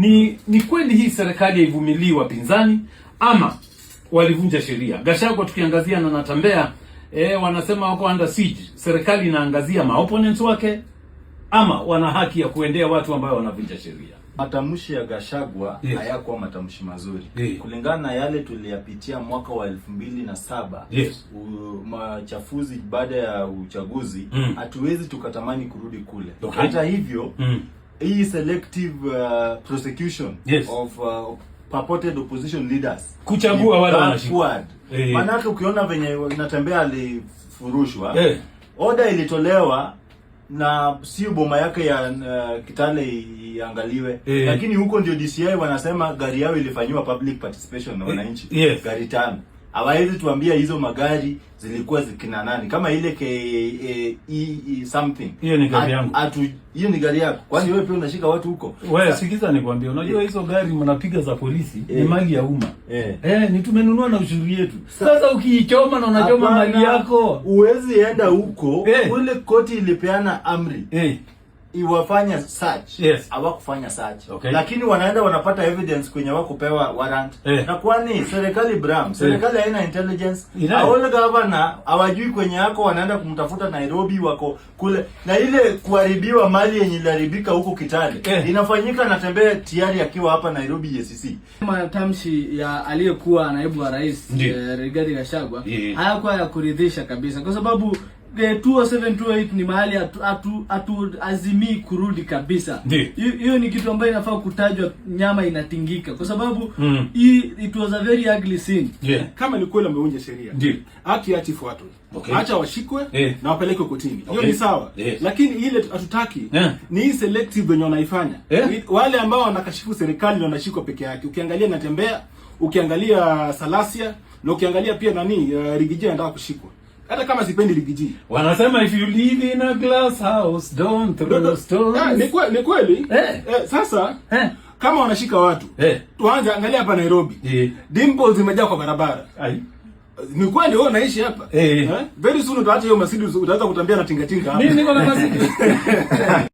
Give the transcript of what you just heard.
ni ni kweli hii serikali haivumilii wapinzani ama walivunja sheria. Gachagua tukiangazia na Natembeya e, eh, wanasema wako under siege. Serikali inaangazia maopponents wake ama wana haki ya kuendea watu ambao wanavunja sheria. Matamshi ya Gachagua yes, hayakuwa matamshi mazuri yes, kulingana na yale tuliyapitia mwaka wa elfu mbili na saba yes, machafuzi baada ya uchaguzi, mm. hatuwezi mm, tukatamani kurudi kule okay. Hata hivyo mm hii selective uh, prosecution yes. of uh, purported opposition leaders kuchagua wale wanashikwa. Eh. Maanake ukiona venye inatembea alifurushwa eh. Oda ilitolewa na sio boma yake ya uh, Kitale iangaliwe eh. Lakini huko ndio DCI wanasema gari yao ilifanywa public participation na eh. wananchi eh. yes. gari tano hawawezi tuambia hizo magari zilikuwa zikina nani, kama ile ke eh, e, e, something. Hiyo ni gari yangu, hiyo ni gari yako? Kwani wewe pia unashika watu huko? Wewe sikiza, nikwambie, unajua eh. hizo gari mnapiga za polisi yeah. ni eh. mali ya umma eh, yeah, ni tumenunua na ushuru yetu. Sasa ukiichoma na unachoma mali yako, huwezi enda huko yeah. Ule koti ilipeana amri eh iwafanya search yes. Hawakufanya search okay. Lakini wanaenda wanapata evidence kwenye wakupewa warrant eh. Na kwani serikali bram eh. serikali haina eh. intelligence all governor hawajui kwenye yako, wanaenda kumtafuta Nairobi, wako kule na ile kuharibiwa mali yenye iliharibika huko Kitale eh. Inafanyika natembea tiari akiwa hapa Nairobi EACC. Matamshi ya aliyekuwa naibu wa rais eh, Rigathi Gachagua eh. hayakuwa ya kuridhisha kabisa kwa sababu 20728 ni mahali atu hatuazimii kurudi kabisa. Hiyo ni kitu ambayo inafaa kutajwa, nyama inatingika kwa sababu mm. it was a very ugly scene yeah. Kama ni kweli ameonja sheria, haki hatifuatwe, okay. Acha washikwe yeah. na wapelekwe kotini, hiyo okay. ni sawa yeah. Lakini ile hatutaki yeah. ni hii selective wenye wanaifanya yeah. Wale ambao wanakashifu serikali wanashikwa peke yake, ukiangalia natembea, ukiangalia Salasia na ukiangalia pia nani uh, Rigijia anataka kushikwa hata kama sipendi ligi G. Wanasema if you live in a glass house don't throw stones. Ha, ah, Ni kweli eh. Eh, sasa eh. Kama wanashika watu eh. Tuanze angalia hapa Nairobi eh. Dimples zimejaa kwa barabara ai ni kweli wewe unaishi hapa eh. eh? Very soon utaacha hiyo masidi, utaanza kutambia na tingatinga hapa. Mimi niko na masidi